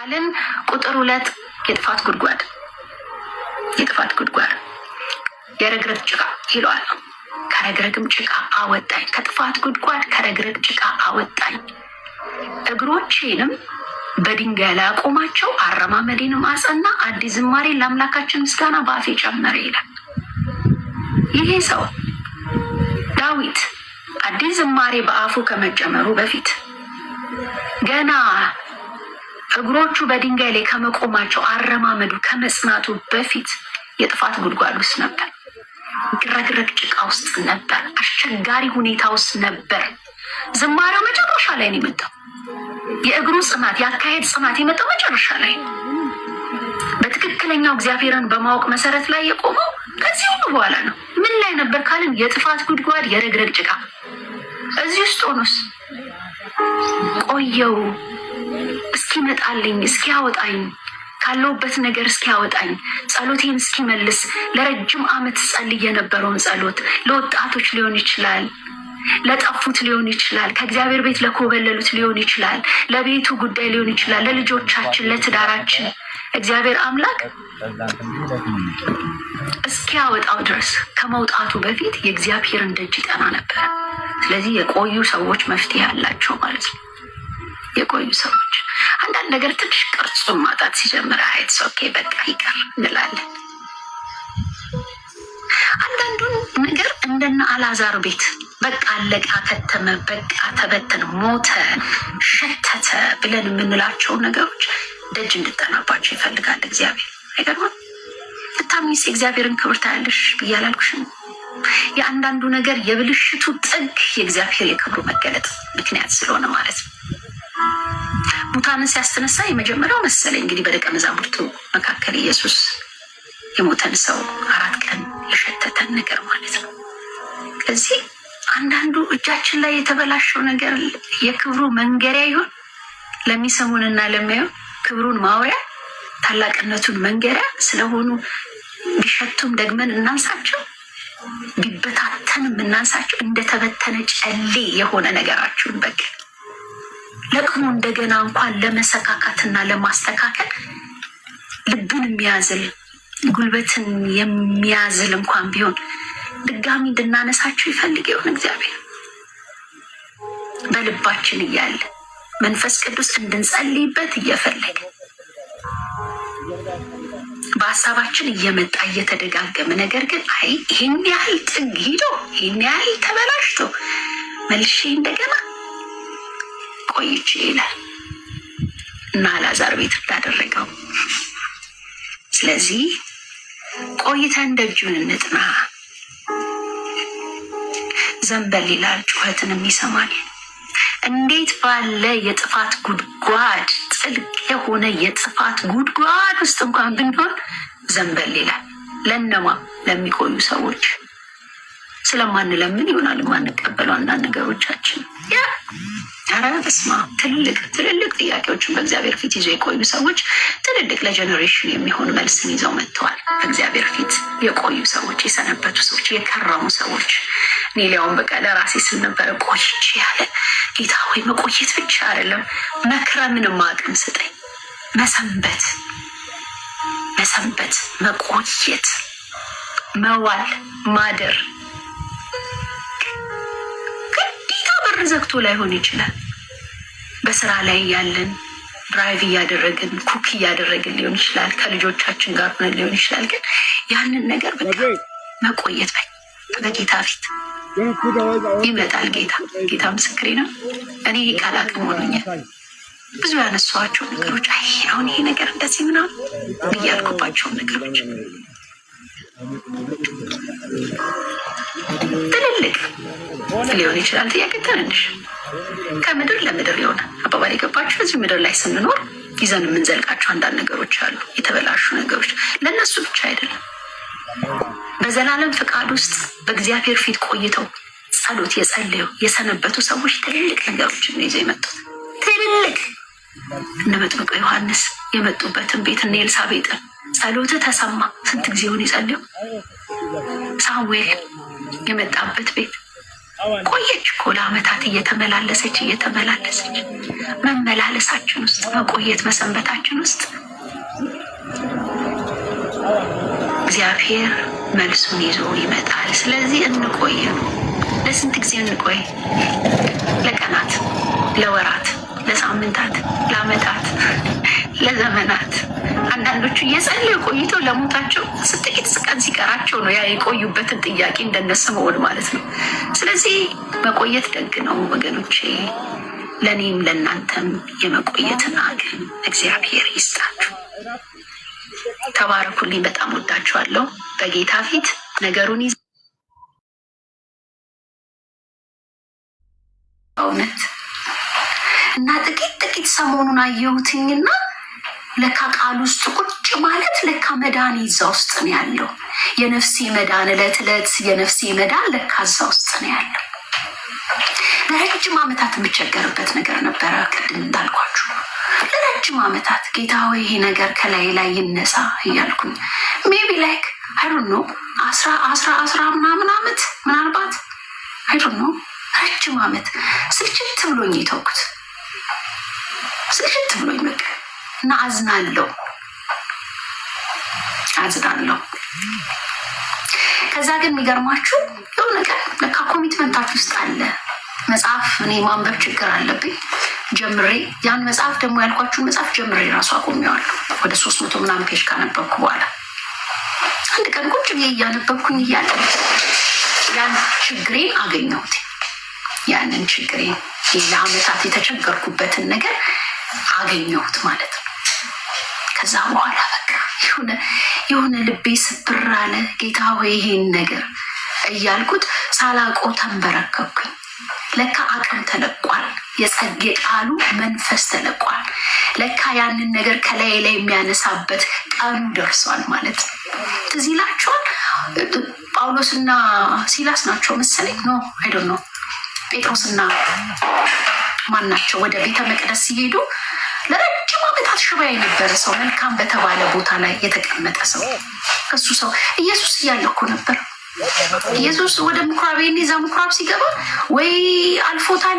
አልን ቁጥር ሁለት የጥፋት ጉድጓድ የጥፋት ጉድጓድ የረግረግ ጭቃ ይለዋል። ከረግረግም ጭቃ አወጣኝ፣ ከጥፋት ጉድጓድ ከረግረግ ጭቃ አወጣኝ። እግሮቼንም በድንጋይ ላይ አቆማቸው፣ አረማመዴንም አጸና፣ አዲስ ዝማሬ ለአምላካችን ምስጋና በአፌ ጨመረ ይላል። ይሄ ሰው ዳዊት አዲስ ዝማሬ በአፉ ከመጨመሩ በፊት ገና እግሮቹ በድንጋይ ላይ ከመቆማቸው አረማመዱ ከመጽናቱ በፊት የጥፋት ጉድጓድ ውስጥ ነበር። ግረግረግ ጭቃ ውስጥ ነበር። አስቸጋሪ ሁኔታ ውስጥ ነበር። ዝማሬው መጨረሻ ላይ ነው የመጣው። የእግሩ ጽናት፣ የአካሄድ ጽናት የመጣው መጨረሻ ላይ ነው። በትክክለኛው እግዚአብሔርን በማወቅ መሰረት ላይ የቆመው ከዚህ ሁሉ በኋላ ነው። ምን ላይ ነበር ካልን የጥፋት ጉድጓድ፣ የረግረግ ጭቃ። እዚህ ውስጥ ሆኖስ ቆየው። እስኪመጣልኝ እስኪያወጣኝ ካለውበት ነገር እስኪያወጣኝ ጸሎቴን እስኪመልስ ለረጅም ዓመት ጸልይ የነበረውን ጸሎት ለወጣቶች ሊሆን ይችላል፣ ለጠፉት ሊሆን ይችላል፣ ከእግዚአብሔር ቤት ለኮበለሉት ሊሆን ይችላል፣ ለቤቱ ጉዳይ ሊሆን ይችላል፣ ለልጆቻችን፣ ለትዳራችን እግዚአብሔር አምላክ እስኪያወጣው ድረስ ከመውጣቱ በፊት የእግዚአብሔርን ደጅ ይጠና ነበር። ስለዚህ የቆዩ ሰዎች መፍትሄ አላቸው ማለት ነው። የቆዩ ሰዎች አንዳንድ ነገር ትንሽ ቅርጹን ማጣት ሲጀምር አይት ኦኬ በቃ ይቀር እንላለን። አንዳንዱን ነገር እንደነ አላዛር ቤት በቃ አለቀ፣ ከተመ፣ በቃ ተበተነ፣ ሞተ፣ ሸተተ ብለን የምንላቸው ነገሮች ደጅ እንድጠናባቸው ይፈልጋል እግዚአብሔር። አይገርምም? ብታምኚስ የእግዚአብሔርን ክብር ታያለሽ ብዬ አላልኩሽም? የአንዳንዱ ነገር የብልሽቱ ጥግ የእግዚአብሔር የክብሩ መገለጥ ምክንያት ስለሆነ ማለት ነው። ሙታንን ሲያስተነሳ የመጀመሪያው መሰለኝ እንግዲህ በደቀ መዛሙርቱ መካከል ኢየሱስ የሞተን ሰው አራት ቀን የሸተተን ነገር ማለት ነው። ከዚህ አንዳንዱ እጃችን ላይ የተበላሸው ነገር የክብሩ መንገሪያ ይሆን ለሚሰሙንና ለሚያዩ ክብሩን ማውሪያ ታላቅነቱን መንገሪያ ስለሆኑ ቢሸቱም ደግመን እናንሳቸው፣ ቢበታተንም እናንሳቸው። እንደተበተነ ጨሌ የሆነ ነገራችሁን በቃ ለቅሞ እንደገና እንኳን ለመሰካካትና ለማስተካከል ልብን የሚያዝል ጉልበትን የሚያዝል እንኳን ቢሆን ድጋሚ እንድናነሳቸው ይፈልግ ይሆን እግዚአብሔር በልባችን እያለ መንፈስ ቅዱስ እንድንጸልይበት እየፈለገ በሀሳባችን እየመጣ እየተደጋገመ ነገር ግን አይ ይህን ያህል ጥግ ሂዶ ይህን ያህል ተበላሽቶ መልሼ እንደገና ቆይቼ ይላል እና አላዛር ቤት እንዳደረገው። ስለዚህ ቆይተን ደጁን እንጥና። ዘንበል ይላል ጩኸትንም ይሰማል። እንዴት ባለ የጥፋት ጉድጓድ ጥልቅ የሆነ የጥፋት ጉድጓድ ውስጥ እንኳን ብንሆን ዘንበል ይላል። ለነማ ለሚቆዩ ሰዎች ስለማንለምን ይሆናል ማንቀበሉ አንዳንድ ነገሮቻችን ኧረ በስመ አብ ትልልቅ ትልልቅ ጥያቄዎችን በእግዚአብሔር ፊት ይዞ የቆዩ ሰዎች ትልልቅ ለጀኔሬሽን የሚሆን መልስን ይዘው መጥተዋል። በእግዚአብሔር ፊት የቆዩ ሰዎች፣ የሰነበቱ ሰዎች፣ የከረሙ ሰዎች እኔ ሊያውም በቃ ለራሴ ስል ነበረ ቆይቼ ያለ ጌታ ወይ መቆየት ብቻ አይደለም መክረምንም አቅም ስጠኝ። መሰንበት መሰንበት፣ መቆየት፣ መዋል፣ ማደር ግን በር ዘግቶ ላይሆን ይችላል። በስራ ላይ ያለን ድራይቭ እያደረግን ኩክ እያደረግን ሊሆን ይችላል። ከልጆቻችን ጋር ሆነን ሊሆን ይችላል። ግን ያንን ነገር በቃ መቆየት በጌታ ፊት ይመጣል። ጌታ ጌታ ምስክሬ ነው። እኔ ቃል አቅም ሆኖኛል። ብዙ ያነሷቸው ነገሮች አይ አሁን ይሄ ነገር እንደዚህ ምናምን እያልኩባቸውን ነገሮች ትልልቅ ሊሆን ይችላል ጥያቄ ትንንሽ ከምድር ለምድር ይሆናል አባባል የገባችሁ። እዚህ ምድር ላይ ስንኖር ይዘን የምንዘልቃቸው አንዳንድ ነገሮች አሉ፣ የተበላሹ ነገሮች። ለእነሱ ብቻ አይደለም፣ በዘላለም ፍቃድ ውስጥ በእግዚአብሔር ፊት ቆይተው ጸሎት የጸለዩ የሰነበቱ ሰዎች ትልልቅ ነገሮችን ይዘው የመጡት ትልልቅ እነ መጥምቀ ዮሐንስ የመጡበትን ቤት እነ ኤልሳቤጥን ጸሎት ተሰማ። ስንት ጊዜውን የጸለዩ ሳሙኤል የመጣበት ቤት ቆየች እኮ ለአመታት እየተመላለሰች እየተመላለሰች መመላለሳችን ውስጥ መቆየት መሰንበታችን ውስጥ እግዚአብሔር መልሱን ይዞ ይመጣል። ስለዚህ እንቆይ ነው። ለስንት ጊዜ እንቆይ? ለቀናት፣ ለወራት፣ ለሳምንታት፣ ለአመታት ለዘመናት አንዳንዶቹ እየጸለዩ ቆይተው ለሞታቸው ስጥቂት ቀን ሲቀራቸው ነው ያ የቆዩበትን ጥያቄ እንደነ ማለት ነው። ስለዚህ መቆየት ደግ ነው ወገኖቼ፣ ለእኔም ለእናንተም የመቆየትን አቅም እግዚአብሔር ይስጣችሁ። ተባረኩልኝ። በጣም ወዳችኋለሁ። በጌታ ፊት ነገሩን ይዘ እውነት እና ጥቂት ጥቂት ሰሞኑን አየሁትኝና ለካ ቃል ውስጥ ቁጭ ማለት ለካ መዳን ይዛ ውስጥ ነው ያለው። የነፍሴ መዳን እለት እለት የነፍሴ መዳን ለካ እዛ ውስጥ ነው ያለው። ለረጅም ዓመታት የምቸገርበት ነገር ነበረ። ቅድም እንዳልኳችሁ ለረጅም ዓመታት ጌታ ሆይ ይሄ ነገር ከላይ ላይ ይነሳ እያልኩኝ ሜቢ ላይክ አይዶ ነው አስራ አስራ አስራ ምናምን ዓመት ምናልባት አይዶ ነው ረጅም ዓመት ስልችት ብሎኝ የተውኩት ስልችት ብሎኝ በቃ እና አዝናለሁ አዝናለሁ። ከዛ ግን የሚገርማችሁ የሆነ ነገር ለካ ኮሚትመንታችሁ ውስጥ አለ መጽሐፍ እኔ ማንበብ ችግር አለብኝ ጀምሬ ያን መጽሐፍ ደግሞ ያልኳችሁን መጽሐፍ ጀምሬ ራሱ አቆሚዋለሁ ወደ ሶስት መቶ ምናምን ፔጅ ካነበብኩ በኋላ አንድ ቀን ቁጭ ብዬ እያነበብኩኝ እያለ ያን ችግሬን አገኘሁት። ያንን ችግሬን ለአመታት የተቸገርኩበትን ነገር አገኘሁት ማለት ነው። ከዛ በኋላ በቃ የሆነ የሆነ ልቤ ስብር አለ። ጌታ ሆይ ይሄን ነገር እያልኩት ሳላቆ ተንበረከብኩኝ። ለካ አቅም ተለቋል። የጸጌ ቃሉ መንፈስ ተለቋል። ለካ ያንን ነገር ከላይ ላይ የሚያነሳበት ቀኑ ደርሷል ማለት ነው። ትዝ ይላችኋል። ጳውሎስና ሲላስ ናቸው መሰለኝ ነው አይደ ነው ጴጥሮስና ማን ናቸው ወደ ቤተ መቅደስ ሲሄዱ በጣም ሽባ የነበረ ሰው መልካም በተባለ ቦታ ላይ የተቀመጠ ሰው እሱ ሰው ኢየሱስ እያለ እኮ ነበር። ኢየሱስ ወደ ምኩራብ የኔዛ ምኩራብ ሲገባ ወይ አልፎታል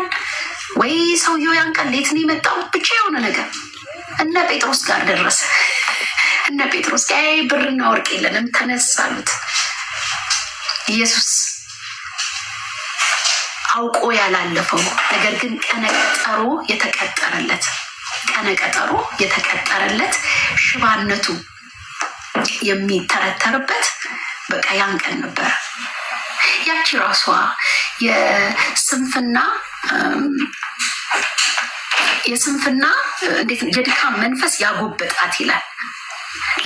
ወይ ሰውየው ያን ቀን ሌት ነው የመጣው ብቻ የሆነ ነገር እነ ጴጥሮስ ጋር ደረሰ። እነ ጴጥሮስ ጋር ብርና ወርቅ የለንም ተነስ አሉት። ኢየሱስ አውቆ ያላለፈው ነገር ግን ቀነ ቀጠሮ የተቀጠረለት ቀነ ቀጠሮ የተቀጠረለት ሽባነቱ የሚተረተርበት በቃ ያን ቀን ነበረ። ያቺ ራሷ የስንፍና የስንፍና እንዴት የድካም መንፈስ ያጎበጣት ይላል።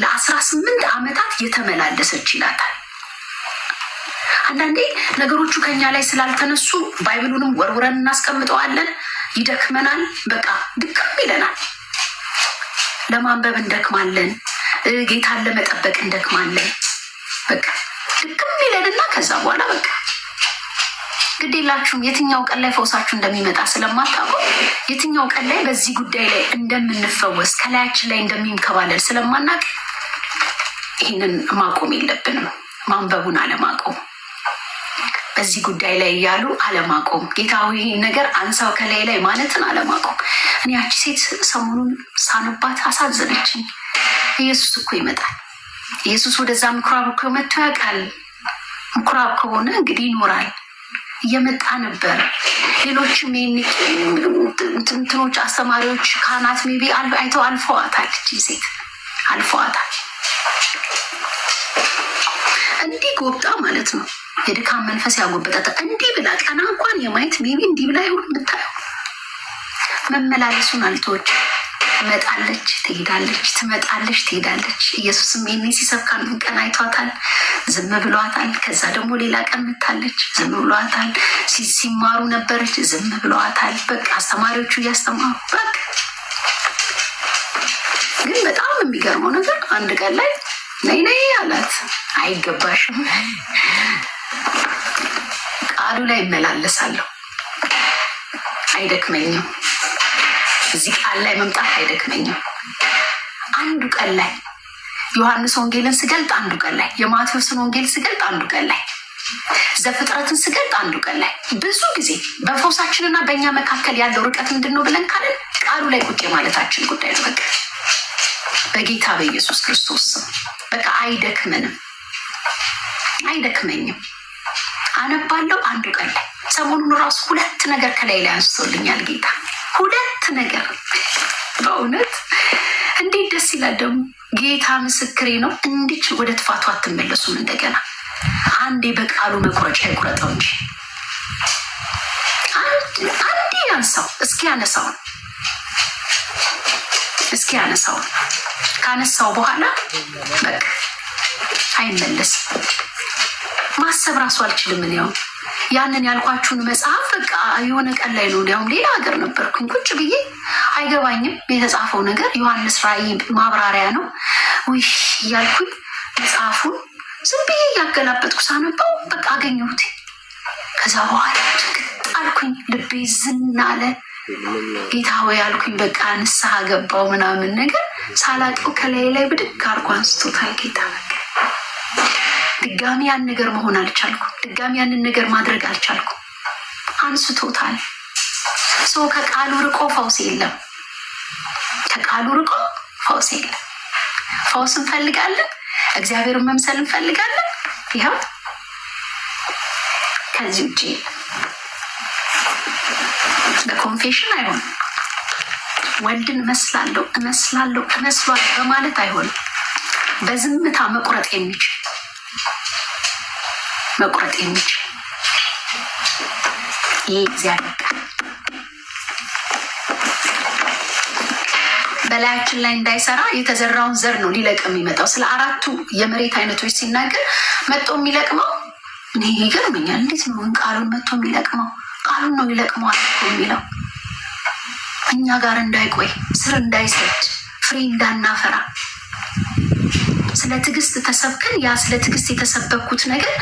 ለአስራ ስምንት ዓመታት የተመላለሰች ይላታል። አንዳንዴ ነገሮቹ ከኛ ላይ ስላልተነሱ ባይብሉንም ወርውረን እናስቀምጠዋለን። ይደክመናል። በቃ ድክም ይለናል። ለማንበብ እንደክማለን፣ ጌታን ለመጠበቅ እንደክማለን። በቃ ድክም ይለንና ከዛ በኋላ በቃ ግድ የላችሁም የትኛው ቀን ላይ ፈውሳችሁ እንደሚመጣ ስለማታውቁ የትኛው ቀን ላይ በዚህ ጉዳይ ላይ እንደምንፈወስ ከላያችን ላይ እንደሚንከባለል ስለማናቅ ይህንን ማቆም የለብንም ማንበቡን አለማቆም በዚህ ጉዳይ ላይ እያሉ አለማቆም፣ ጌታዊ ነገር አንሳው ከላይ ላይ ማለትን አለማቆም። እኔ ያቺ ሴት ሰሞኑን ሳንባት አሳዘነችኝ። ኢየሱስ እኮ ይመጣል። ኢየሱስ ወደዛ ምኩራብ እኮ መጥቶ ያውቃል። ምኩራብ ከሆነ እንግዲህ ይኖራል። እየመጣ ነበር። ሌሎችም እንትኖች አስተማሪዎች፣ ካህናት ሜቢ አይተው አልፈዋታል። እቺ ሴት አልፈዋታል። እንዲህ ጎብጣ ማለት ነው። የድካም መንፈስ ያጎበጠጠ እንዲህ ብላ ቀና እንኳን የማየት ሜቢ እንዲህ ብላ ይሁን የምታየው መመላለሱን አልተወች። ትመጣለች፣ ትሄዳለች፣ ትመጣለች፣ ትሄዳለች። ኢየሱስም ይህኔ ሲሰብክ ቀን አይቷታል፣ ዝም ብሏታል። ከዛ ደግሞ ሌላ ቀን መታለች፣ ዝም ብሏታል። ሲማሩ ነበረች፣ ዝም ብለዋታል። በቃ አስተማሪዎቹ እያስተማሩ በቃ ግን በጣም የሚገርመው ነገር አንድ ቀን ላይ ነይ ነይ አላት። አይገባሽም ቃሉ ላይ እመላለሳለሁ፣ አይደክመኝም። እዚህ ቃል ላይ መምጣት አይደክመኝም። አንዱ ቀን ላይ ዮሐንስ ወንጌልን ስገልጥ አንዱ ቀን ላይ የማቴዎስን ወንጌል ስገልጥ አንዱ ቀን ላይ ዘፍጥረትን ስገልጥ አንዱ ቀን ላይ ብዙ ጊዜ በፈውሳችንና በእኛ መካከል ያለው ርቀት ምንድን ነው ብለን ካለን ቃሉ ላይ ቁጭ ማለታችን ጉዳይ ነው። በቃ በጌታ በኢየሱስ ክርስቶስ በቃ አይደክመንም፣ አይደክመኝም። አነባለው አንዱ ቀን ላይ ሰሞኑን ራሱ ሁለት ነገር ከላይ ላይ አንስቶልኛል ጌታ። ሁለት ነገር በእውነት እንዴት ደስ ይላል ደግሞ። ጌታ ምስክሬ ነው። እንዲች ወደ ትፋቱ አትመለሱም። እንደገና አንዴ በቃሉ መቁረጫ ይቁረጠው እንጂ አንዴ ያንሳው እስኪ ያነሳውን እስኪ ያነሳውን ካነሳው በኋላ በቃ አይመለስም። ማሰብ ራሱ አልችልም። እኔው ያንን ያልኳችሁን መጽሐፍ በቃ የሆነ ቀን ላይ ነው እንዲያውም ሌላ ሀገር ነበርኩኝ ቁጭ ብዬ አይገባኝም የተጻፈው ነገር ዮሐንስ ራእይ ማብራሪያ ነው ውይ እያልኩኝ መጽሐፉን ዝም ብዬ እያገላበጥኩ ሳነባው በቃ አገኘሁት። ከዛ በኋላ አልኩኝ ልቤ ዝናለ ጌታ ወይ አልኩኝ በቃ ንስሐ ገባው ምናምን ነገር ሳላቀው ከላይ ላይ ብድግ አርኳ አንስቶታል ጌታ ድጋሚ ያን ነገር መሆን አልቻልኩ። ድጋሚ ያንን ነገር ማድረግ አልቻልኩ። አንስቶታል። ሰው ከቃሉ ርቆ ፈውስ የለም። ከቃሉ ርቆ ፈውስ የለም። ፈውስ እንፈልጋለን፣ እግዚአብሔርን መምሰል እንፈልጋለን። ይኸው ከዚህ ውጭ በኮንፌሽን አይሆንም። ወልድን እመስላለሁ እመስላለሁ እመስሏል በማለት አይሆንም። በዝምታ መቁረጥ የሚችል መቁረጥ የሚችል ይህ እግዚአብሔር ቃል በላያችን ላይ እንዳይሰራ የተዘራውን ዘር ነው ሊለቅም የሚመጣው። ስለ አራቱ የመሬት አይነቶች ሲናገር መጥቶ የሚለቅመው እኔ ይገርመኛል። እንዴት ነው ቃሉን መጥቶ የሚለቅመው? ቃሉን ነው ይለቅመዋል የሚለው እኛ ጋር እንዳይቆይ ስር እንዳይሰድ ፍሬ እንዳናፈራ ስለ ትዕግስት ተሰብክን። ያ ስለ ትዕግስት የተሰበኩት ነገር፣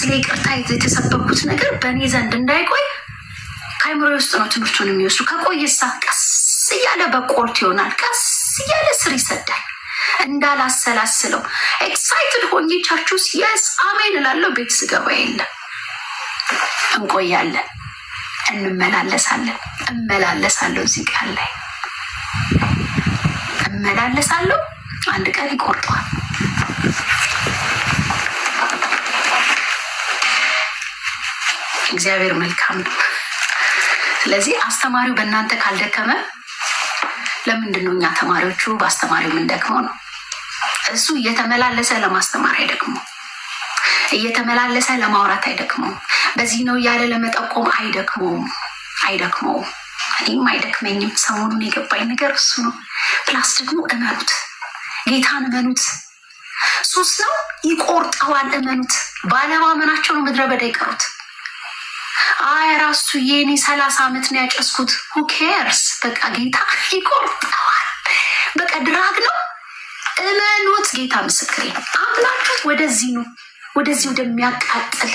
ስለ ይቅርታ የተሰበኩት ነገር በእኔ ዘንድ እንዳይቆይ ከአይምሮ ውስጥ ነው ትምህርቱን የሚወስዱ። ከቆየሳ ቀስ እያለ በቆርት ይሆናል። ቀስ እያለ ስር ይሰዳል። እንዳላሰላስለው ኤክሳይትድ ሆኝቻችሁ የስ አሜን እላለሁ። ቤት ስገባ የለም እንቆያለን፣ እንመላለሳለን። እመላለሳለሁ እዚህ ቃል ላይ እመላለሳለሁ። አንድ ቀን ይቆርጠዋል። እግዚአብሔር መልካም ነው። ስለዚህ አስተማሪው በእናንተ ካልደከመ ለምንድን ነው እኛ ተማሪዎቹ በአስተማሪው የምንደክመው? ነው እሱ እየተመላለሰ ለማስተማር አይደክመው፣ እየተመላለሰ ለማውራት አይደክመው፣ በዚህ ነው እያለ ለመጠቆም አይደክመውም አይደክመውም። እኔም አይደክመኝም። ሰሞኑን የገባኝ ነገር እሱ ነው። ፕላስ ደግሞ እመኑት፣ ጌታን እመኑት። ሶስት ነው፣ ይቆርጠዋል። እመኑት። ባለማመናቸው ምድረ በዳ ይቀሩት። አይ ራሱ የኔ ሰላሳ ዓመት ነው ያጨስኩት። ሁኬርስ በቃ ጌታ ይቆርጠዋል። በቃ ድራግ ነው። እመኑት። ጌታ ምስክሬ ነው። አምላችሁት ወደዚህ ነው ወደዚህ ወደሚያቃጥል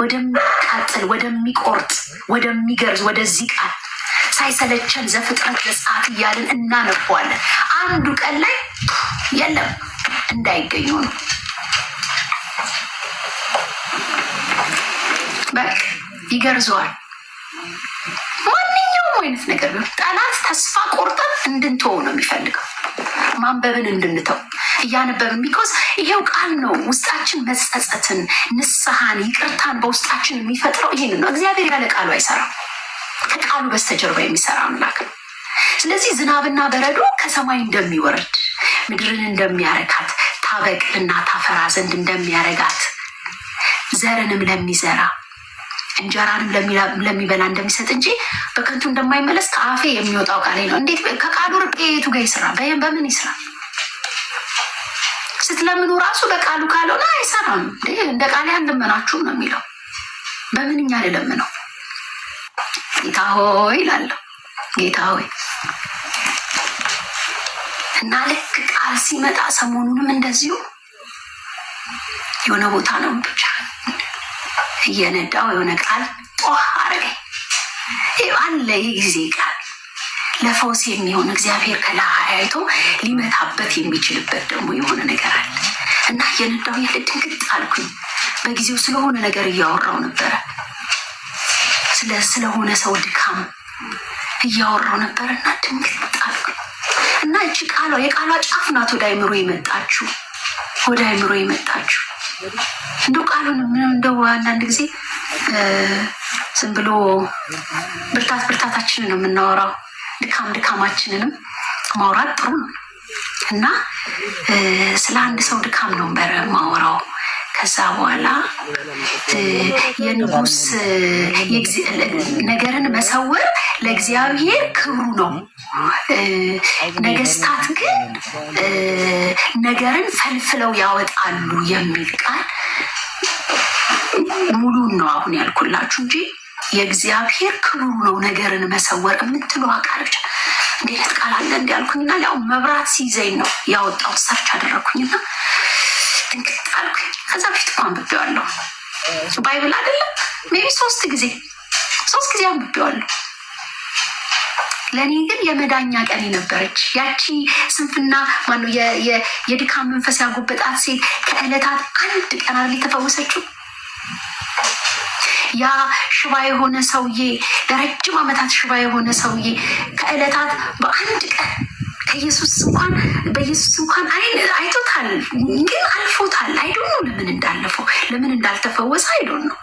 ወደሚቃጥል ወደሚቆርጥ ወደሚገርዝ ወደዚህ ቃል ሳይሰለቸን ዘፍጥረት ዘጸአት እያልን እናነበዋለን። አንዱ ቀን ላይ የለም እንዳይገኙ ነው። በቃ ይገርዘዋል። ማንኛውም አይነት ነገር ቢሆን ጠላት ተስፋ ቆርጠን እንድንተው ነው የሚፈልገው፣ ማንበብን እንድንተው እያነበብን ቢኮዝ ይሄው ቃል ነው። ውስጣችን መጸጸትን፣ ንስሐን፣ ይቅርታን በውስጣችን የሚፈጥረው ይህን ነው። እግዚአብሔር ያለ ቃሉ አይሰራም። ከቃሉ በስተጀርባ የሚሰራ አምላክ ነው። ስለዚህ ዝናብና በረዶ ከሰማይ እንደሚወርድ ምድርን እንደሚያረካት ታበቅልና ታፈራ ዘንድ እንደሚያረጋት ዘርንም ለሚዘራ እንጀራንም ለሚበላ እንደሚሰጥ እንጂ በከንቱ እንደማይመለስ ከአፌ የሚወጣው ቃሌ ነው። እንዴት ከቃሉ ርቄ የቱ ጋር ይስራ? በምን ይስራ? ስትለምኑ ራሱ በቃሉ ካልሆነ አይሰራም። እንደ ቃሌ አንለመናችሁም ነው የሚለው። በምንኛ ልለምነው? ጌታ ሆይ ይላለሁ። ጌታ ሆይ እና ልክ ቃል ሲመጣ ሰሞኑንም እንደዚሁ የሆነ ቦታ ነው ብቻ እየነዳው የሆነ ቃል ጦህ አረገኝ። አንድ ላይ ጊዜ ቃል ለፈውስ የሚሆን እግዚአብሔር ከላይ አይቶ ሊመታበት የሚችልበት ደግሞ የሆነ ነገር አለ እና እየነዳው ያለ ድንግጥ አልኩኝ። በጊዜው ስለሆነ ነገር እያወራው ነበረ፣ ስለሆነ ሰው ድካም እያወራው እና ድንግጥ እና እቺ ቃሏ የቃሏ ጫፍ ናት ወደ አይምሮ የመጣችው ወደ አይምሮ የመጣችው እንደ ቃሉን እንደው አንዳንድ ጊዜ ዝም ብሎ ብርታት ብርታታችንን ነው የምናወራው። ድካም ድካማችንንም ማውራት ጥሩ ነው እና ስለ አንድ ሰው ድካም ነው ማወራው ከዛ በኋላ የንጉስ ነገርን መሰወር ለእግዚአብሔር ክብሩ ነው። ነገስታት ግን ነገርን ፈልፍለው ያወጣሉ የሚል ቃል ሙሉን ነው አሁን ያልኩላችሁ እንጂ የእግዚአብሔር ክብሩ ነው ነገርን መሰወር የምትሉ ቃል እንዴት ቃል አለ እንዲያልኩኝና ያልኩኝና ያው መብራት ሲይዘኝ ነው ያወጣው ሰርች አደረግኩኝና ድንግጥ አልኩኝ። ከዛ በፊት እኮ አንብቤዋለሁ ባይብል አይደለም ሜቢ ሶስት ጊዜ ሶስት ጊዜ አንብቤዋለሁ። ለእኔ ግን የመዳኛ ቀን ነበረች። ያቺ ስንፍና ማነው የድካም መንፈስ ያጎበጣት ሴት ከእለታት አንድ ቀን አይደል የተፈወሰችው? ያ ሽባ የሆነ ሰውዬ ለረጅም ዓመታት ሽባ የሆነ ሰውዬ ከእለታት በአንድ ቀን ከኢየሱስ እንኳን በኢየሱስ እንኳን አይቶታል፣ ግን አልፎታል። አይዶን ነው ለምን እንዳለፈው ለምን እንዳልተፈወሰ አይዶን ነው።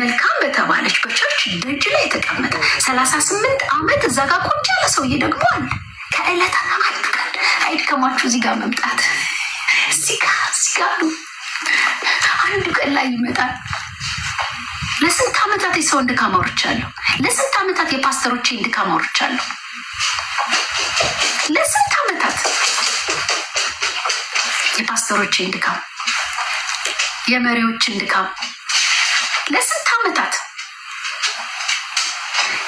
መልካም በተባለች በቸርች ደጅ ላይ የተቀመጠ ሰላሳ ስምንት ዓመት እዛ ጋር ቁጭ ያለ ሰውዬ ደግሞ አለ። ከዕለታት አንድ ቀን አይድከማችሁ እዚህ ጋር መምጣት እዚህ ጋር እዚህ አንዱ ቀን ላይ ይመጣል። ለስንት ዓመታት የሰውን ድካም አውርቻለሁ። ለስንት ዓመታት የፓስተሮቼን ድካም አውርቻለሁ። ለስንት ዓመታት የፓስተሮችን ድካም የመሪዎችን ድካም ለስንት ዓመታት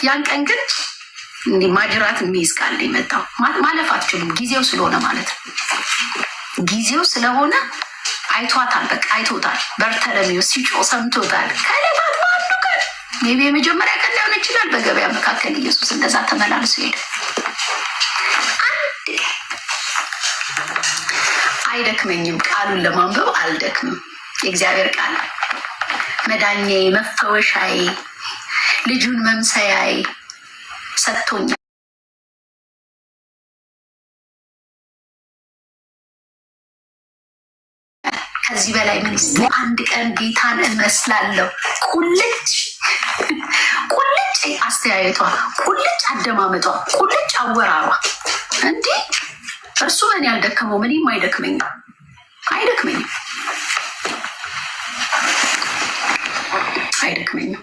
ያን ቀን ግን እንዲህ ማጅራት የሚይዝ ቃል የመጣው ማለፍ አትችሉም። ጊዜው ስለሆነ ማለት ነው። ጊዜው ስለሆነ አይቷታል። በቃ አይቶታል። በርተለሚው ሲጮ ሰምቶታል። ከሌባት በአንዱ ቀን ሜቢ የመጀመሪያ ቀን ሊሆን ይችላል። በገበያ መካከል ኢየሱስ እንደዛ ተመላልሶ ሄደ። አይደክመኝም። ቃሉን ለማንበብ አልደክምም። የእግዚአብሔር ቃል መዳኛዬ፣ መፈወሻዬ፣ ልጁን መምሰያዬ ሰጥቶኛል። ከዚህ በላይ ምን አንድ ቀን ጌታን እመስላለሁ። ቁልጭ ቁልጭ አስተያየቷ፣ ቁልጭ አደማመጧ፣ ቁልጭ አወራሯ እንዲህ እርሱ እኔ ያልደከመው ምንም አይደክመኝም አይደክመኝም አይደክመኝም።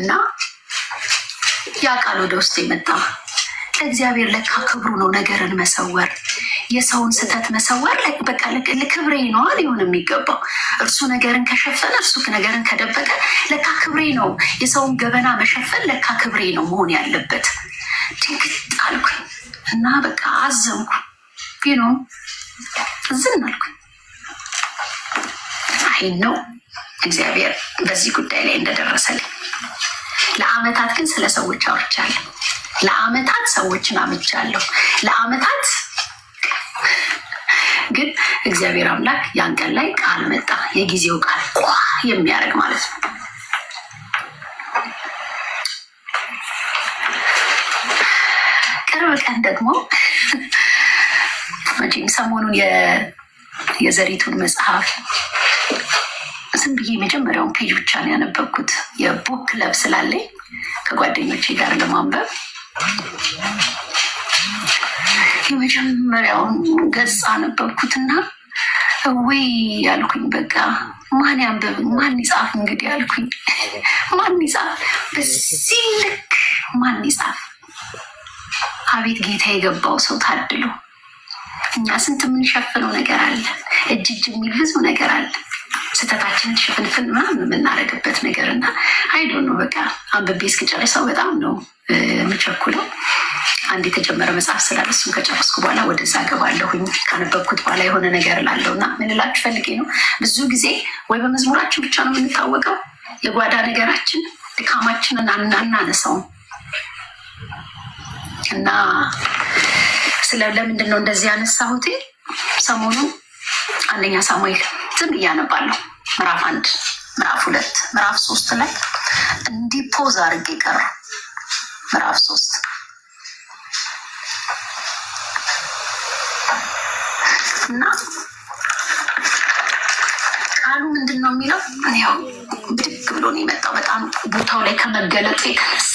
እና ያ ቃል ወደ ውስጥ የመጣ እግዚአብሔር ለካ ክብሩ ነው ነገርን መሰወር የሰውን ስህተት መሰወር በቃ ለክብሬ ነዋ ሊሆን የሚገባው። እርሱ ነገርን ከሸፈነ እርሱ ነገርን ከደበቀ ለካ ክብሬ ነው። የሰውን ገበና መሸፈን ለካ ክብሬ ነው መሆን ያለበት። ድንግጥ አልኩኝ እና በቃ አዘንኩ ነው ዝም አልኩኝ። አይ ነው እግዚአብሔር በዚህ ጉዳይ ላይ እንደደረሰልኝ። ለአመታት ግን ስለ ሰዎች አውርቻለሁ። ለአመታት ሰዎችን አምቻለሁ። ለአመታት ግን እግዚአብሔር አምላክ ያን ቀን ላይ ቃል መጣ። የጊዜው ቃል ቋ የሚያደርግ ማለት ነው። ቅርብ ቀን ደግሞ መቼም ሰሞኑን የዘሪቱን መጽሐፍ ዝም ብዬ የመጀመሪያውን ፔጅ ብቻ ነው ያነበብኩት። የቡክ ክለብ ስላለኝ ከጓደኞቼ ጋር ለማንበብ የመጀመሪያውን ገጽ አነበብኩትና ወይ ያልኩኝ በቃ ማን ያንብብ ማን ይጻፍ እንግዲህ ያልኩኝ ማን ይጻፍ በዚህ ልክ ማን ይጻፍ አቤት ጌታ የገባው ሰው ታድሎ እኛ ስንት የምንሸፍነው ነገር አለ እጅ እጅ የሚል ብዙ ነገር አለ ስህተታችንን ሽፍንፍን ምናምን የምናደርግበት ነገር እና አይዶ ነው በቃ አንብቤ እስክጨርሰው በጣም ነው የምቸኩለው አንድ የተጀመረ መጽሐፍ ስላለ እሱን ከጨረስኩ በኋላ ወደዛ ገባለሁኝ። ካነበብኩት በኋላ የሆነ ነገር ላለው እና ምን ፈልጌ ነው። ብዙ ጊዜ ወይ በመዝሙራችን ብቻ ነው የምንታወቀው። የጓዳ ነገራችን ድካማችንን አናነሳውም እና ስለ ለምንድን ነው እንደዚህ ያነሳሁት? ሰሞኑ አንደኛ ሳሙኤል ዝም እያነባለሁ ምዕራፍ አንድ ምዕራፍ ሁለት ምዕራፍ ሶስት ላይ እንዲህ ፖዝ አድርጌ ቀረ ምዕራፍ ሶስት እና ቃሉ ምንድን ነው የሚለው? ያው ብድግ ብሎ ነው የመጣው። በጣም ቦታው ላይ ከመገለጡ የተነሳ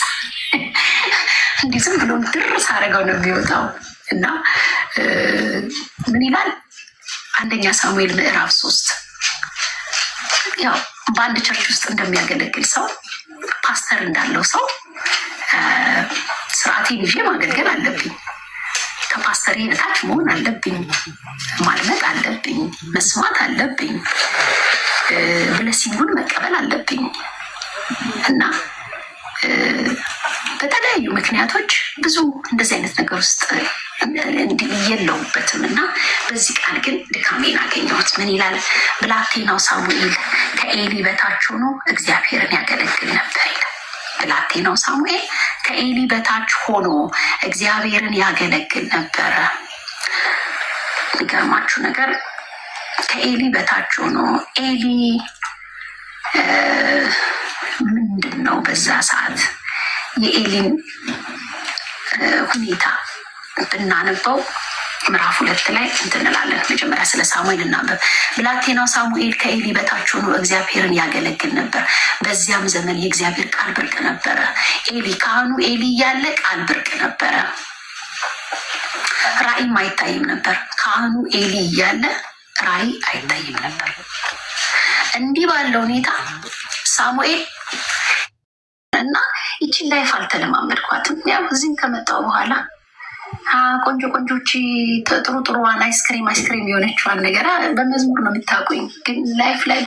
እንዲህ ዝም ብሎ ድርስ አደረገው ነው የሚወጣው እና ምን ይላል? አንደኛ ሳሙኤል ምዕራፍ ሶስት ያው በአንድ ቸርች ውስጥ እንደሚያገለግል ሰው ፓስተር እንዳለው ሰው ስርዓቴን ይዤ ማገልገል አለብኝ። ከፓስተሬ በታች መሆን አለብኝ፣ ማልመጥ አለብኝ፣ መስማት አለብኝ፣ ብለሲንጉን መቀበል አለብኝ እና በተለያዩ ምክንያቶች ብዙ እንደዚህ አይነት ነገር ውስጥ የለውበትም እና በዚህ ቃል ግን ድካሜን አገኘሁት። ምን ይላል ብላቴናው ሳሙኤል ከኤሊ በታች ሆኖ እግዚአብሔርን ያገለግል ነበር። ብላቴ ነው ሳሙኤል ከኤሊ በታች ሆኖ እግዚአብሔርን ያገለግል ነበረ። የሚገርማችሁ ነገር ከኤሊ በታች ሆኖ ኤሊ ምንድን ነው በዛ ሰዓት የኤሊን ሁኔታ ብናነበው ምዕራፍ ሁለት ላይ እንትንላለን። መጀመሪያ ስለ ሳሙኤል እናንበብ። ብላቴናው ሳሙኤል ከኤሊ በታች ሆኖ እግዚአብሔርን ያገለግል ነበር። በዚያም ዘመን የእግዚአብሔር ቃል ብርቅ ነበረ። ኤሊ ካህኑ ኤሊ እያለ ቃል ብርቅ ነበረ። ራእይም አይታይም ነበር። ካህኑ ኤሊ እያለ ራእይ አይታይም ነበር። እንዲህ ባለ ሁኔታ ሳሙኤል እና ይችን ላይፍ አልተለማመድኳትም። ያው እዚህም ከመጣው በኋላ ቆንጆ ቆንጆች ጥሩ ጥሩዋን አይስክሪም አይስክሪም የሆነችዋን ነገር በመዝሙር ነው የምታውቁኝ፣ ግን ላይፍ ላይ